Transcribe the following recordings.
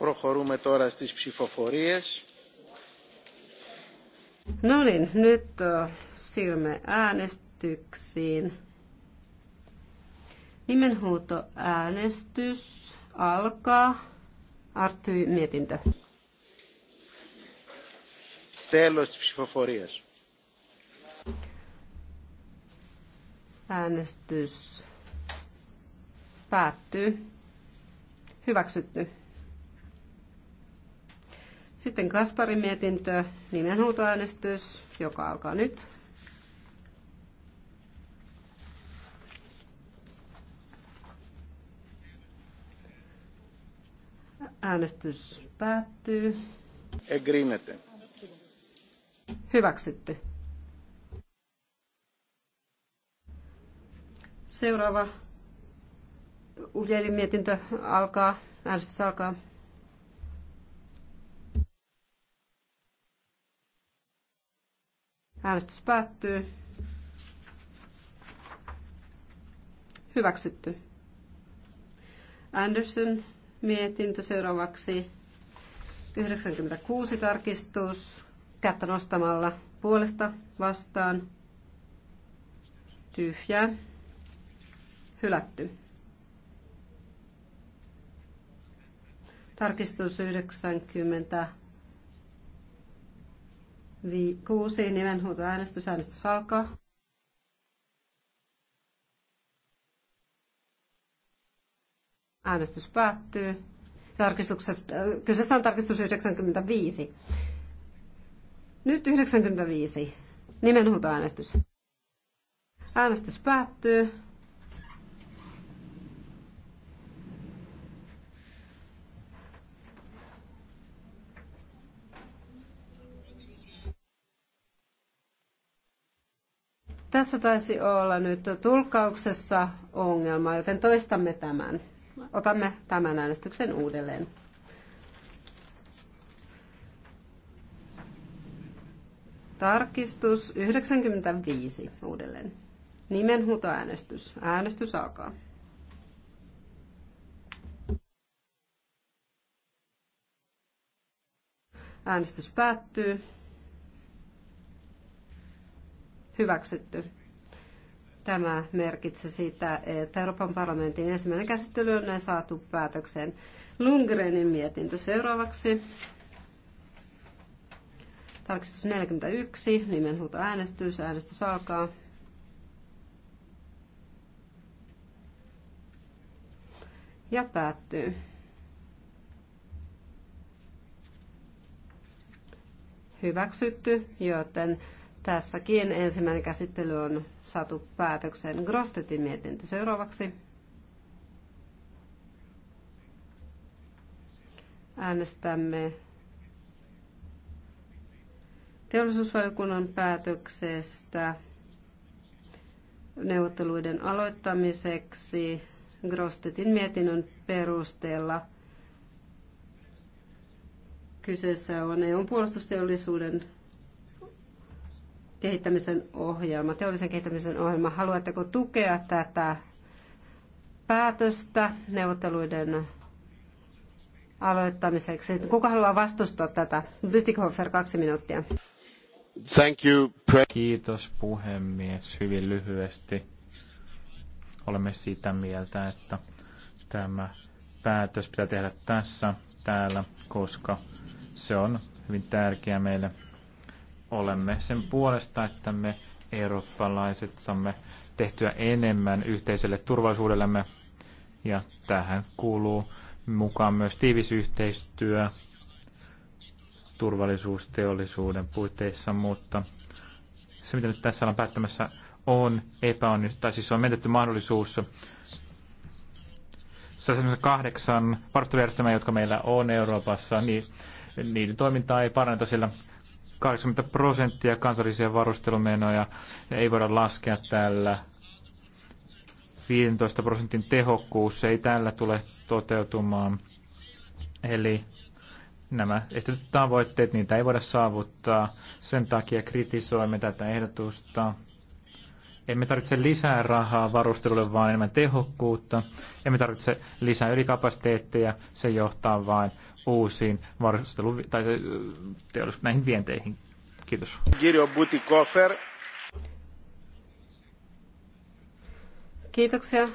Προχωρούμε τώρα στις ψηφοφορίες. No niin, nyt siirrymme äänestyksiin. Nimenhuuto äänestys alkaa. Arty mietintö. Τέλος της ψηφοφορίας. Äänestys päättyy. Hyväksytty. Sitten Kasparin mietintö, nimenhuutoäänestys, joka alkaa nyt. Äänestys päättyy. Egrinete. Hyväksytty. Seuraava Ujelin mietintö alkaa. Äänestys alkaa. Äänestys päättyy. Hyväksytty. Anderson mietintö seuraavaksi. 96 tarkistus. Kättä nostamalla puolesta vastaan. Tyhjää. Hylätty. Tarkistus 90 Vi, kuusi nimenhuutoäänestys. Äänestys alkaa. Äänestys päättyy. Äh, kyseessä on tarkistus 95. Nyt 95. Nimenhuutoäänestys. Äänestys päättyy. Tässä taisi olla nyt tulkkauksessa ongelma, joten toistamme tämän. Otamme tämän äänestyksen uudelleen. Tarkistus 95 uudelleen. Nimenhuutoäänestys. Äänestys alkaa. Äänestys päättyy hyväksytty. Tämä merkitsi sitä, että Euroopan parlamentin ensimmäinen käsittely on näin saatu päätökseen. Lundgrenin mietintö seuraavaksi. Tarkistus 41, nimenhuuto äänestys, äänestys alkaa. Ja päättyy. Hyväksytty, joten Tässäkin ensimmäinen käsittely on saatu päätökseen Grostetin mietintö seuraavaksi. Äänestämme teollisuusvaliokunnan päätöksestä neuvotteluiden aloittamiseksi Grostetin mietinnön perusteella. Kyseessä on eu puolustusteollisuuden kehittämisen ohjelma, teollisen kehittämisen ohjelma. Haluatteko tukea tätä päätöstä neuvotteluiden aloittamiseksi? Kuka haluaa vastustaa tätä? Bytikhofer, kaksi minuuttia. Thank you. Kiitos puhemies. Hyvin lyhyesti olemme sitä mieltä, että tämä päätös pitää tehdä tässä, täällä, koska se on hyvin tärkeä meille olemme sen puolesta, että me eurooppalaiset saamme tehtyä enemmän yhteiselle turvallisuudellemme. Ja tähän kuuluu mukaan myös tiivis yhteistyö turvallisuusteollisuuden puitteissa, mutta se, mitä nyt tässä ollaan päättämässä, on epäonnistunut, tai siis on menetetty mahdollisuus kahdeksan varustelujärjestelmää, jotka meillä on Euroopassa, niin niiden toimintaa ei paranneta, sillä 80 prosenttia kansallisia varustelumenoja ei voida laskea tällä. 15 prosentin tehokkuus ei tällä tule toteutumaan. Eli nämä esitetyt tavoitteet, niitä ei voida saavuttaa. Sen takia kritisoimme tätä ehdotusta. Emme tarvitse lisää rahaa varustelulle, vaan enemmän tehokkuutta. Emme tarvitse lisää ylikapasiteetteja. Se johtaa vain uusiin varustelu- tai teollisuus näihin vienteihin. Kiitos. Kirjo Kiitoksia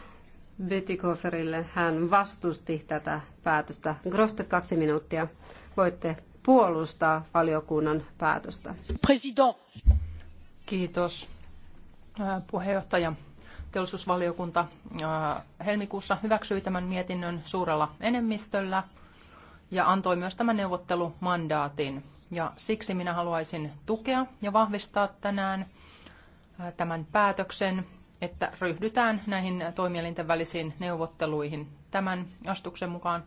Bytikoferille. Hän vastusti tätä päätöstä. Grostet kaksi minuuttia. Voitte puolustaa valiokunnan päätöstä. President. Kiitos puheenjohtaja teollisuusvaliokunta helmikuussa hyväksyi tämän mietinnön suurella enemmistöllä ja antoi myös tämän neuvottelumandaatin. Ja siksi minä haluaisin tukea ja vahvistaa tänään tämän päätöksen, että ryhdytään näihin toimielinten välisiin neuvotteluihin. Tämän astuksen mukaan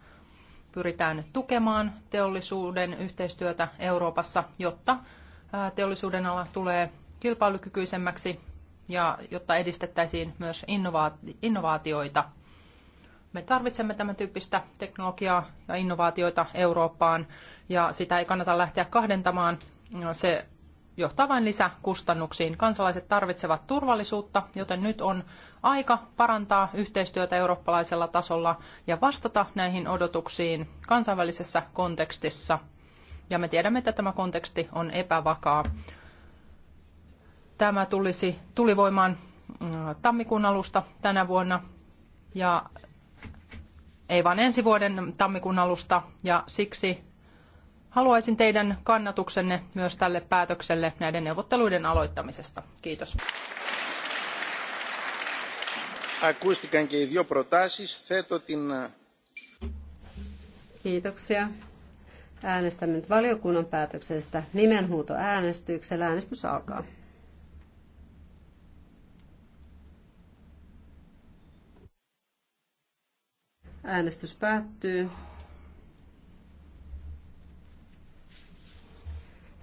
pyritään tukemaan teollisuuden yhteistyötä Euroopassa, jotta teollisuuden ala tulee kilpailukykyisemmäksi ja jotta edistettäisiin myös innovaatioita. Me tarvitsemme tämän tyyppistä teknologiaa ja innovaatioita Eurooppaan ja sitä ei kannata lähteä kahdentamaan. Se johtaa vain lisäkustannuksiin. Kansalaiset tarvitsevat turvallisuutta, joten nyt on aika parantaa yhteistyötä eurooppalaisella tasolla ja vastata näihin odotuksiin kansainvälisessä kontekstissa. Ja me tiedämme, että tämä konteksti on epävakaa. Tämä tulisi, tuli voimaan mm, tammikuun alusta tänä vuonna ja ei vaan ensi vuoden tammikuun alusta ja siksi haluaisin teidän kannatuksenne myös tälle päätökselle näiden neuvotteluiden aloittamisesta. Kiitos. Ακούστηκαν και οι δύο προτάσεις. Θέτω την... Kiitoksia. Äänestämme nyt valiokunnan päätöksestä äänestyksellä. Äänestys alkaa. Äänestys päättyy.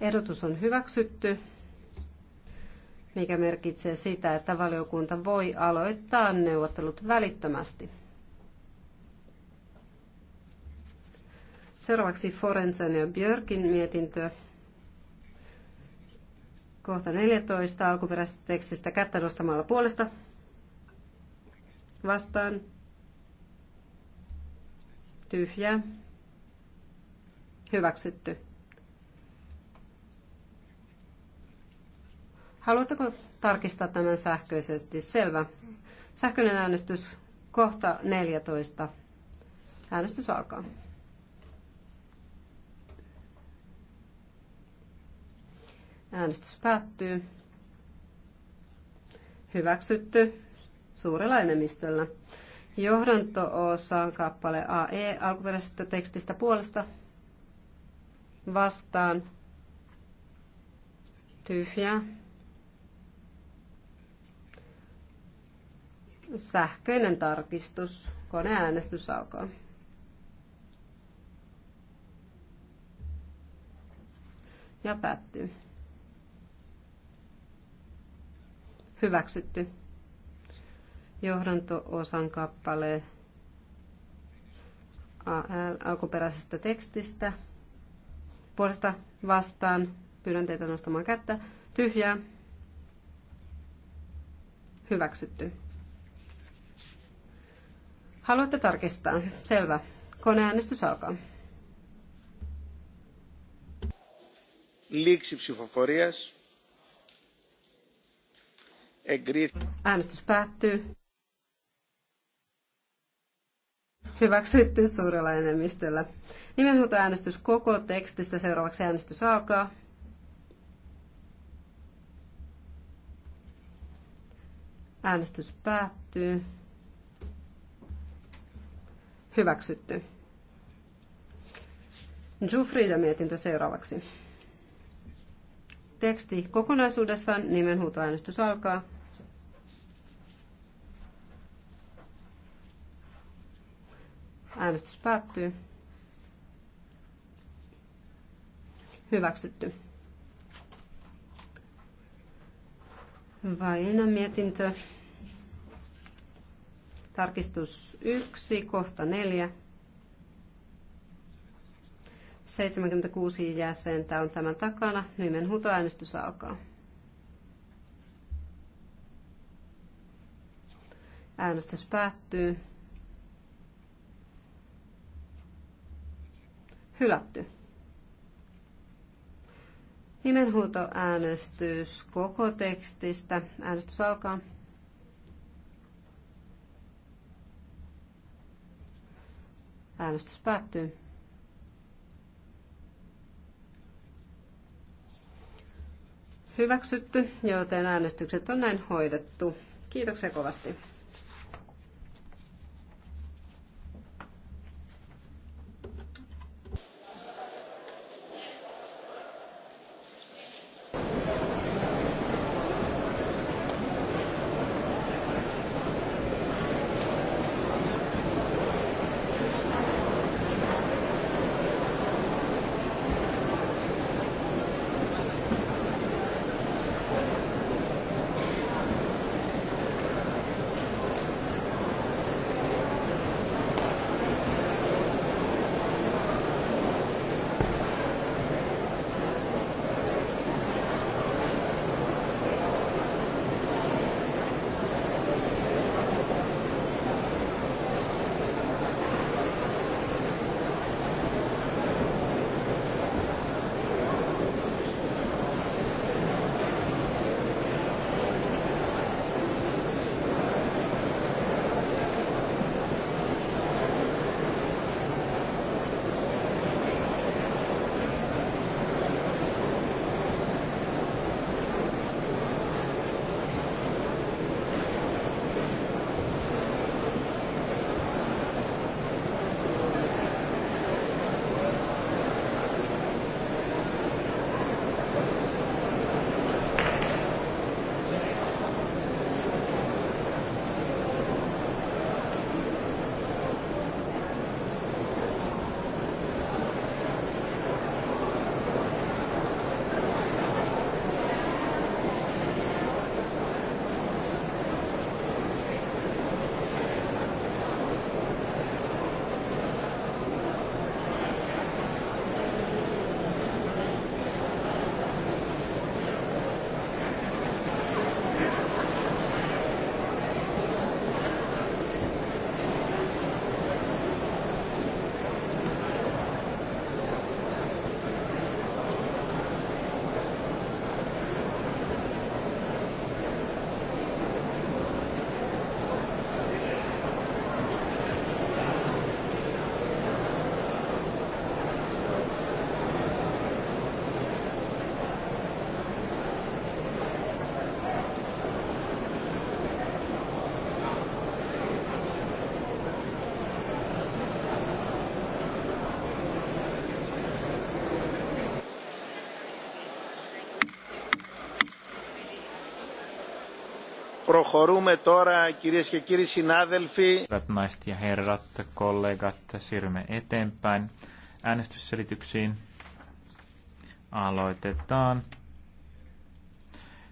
Ehdotus on hyväksytty, mikä merkitsee sitä, että valiokunta voi aloittaa neuvottelut välittömästi. Seuraavaksi Forensen ja Björkin mietintö. Kohta 14 alkuperäisestä tekstistä kättä nostamalla puolesta. Vastaan tyhjää, hyväksytty. Haluatteko tarkistaa tämän sähköisesti? Selvä. Sähköinen äänestys kohta 14. Äänestys alkaa. Äänestys päättyy. Hyväksytty suurella enemmistöllä johdanto on kappale AE alkuperäisestä tekstistä puolesta vastaan tyhjä sähköinen tarkistus. Koneäänestys alkaa. Ja päättyy. Hyväksytty johdanto-osan kappale AL alkuperäisestä tekstistä. Puolesta vastaan pyydän teitä nostamaan kättä. Tyhjää. Hyväksytty. Haluatte tarkistaa? Selvä. Koneäänestys alkaa. Liiksi psyfoforias. Äänestys päättyy. hyväksytty suurella enemmistöllä. Nimenhuuto äänestys koko tekstistä. Seuraavaksi äänestys alkaa. Äänestys päättyy. Hyväksytty. Jufrida mietintö seuraavaksi. Teksti kokonaisuudessaan nimenhuutoäänestys alkaa. Äänestys päättyy. Hyväksytty. Vaina mietintö. Tarkistus 1, kohta 4. 76 jäsentä on tämän takana. Nimen Nimenhuutoäänestys alkaa. Äänestys päättyy. Hylätty. äänestys koko tekstistä. Äänestys alkaa. Äänestys päättyy. Hyväksytty, joten äänestykset on näin hoidettu. Kiitoksia kovasti. Προχωρούμε τώρα, κυρίες και κύριοι συνάδελφοι. Hyvät naiset ja herrat, kollegat, siirrymme eteenpäin äänestysselityksiin. Aloitetaan.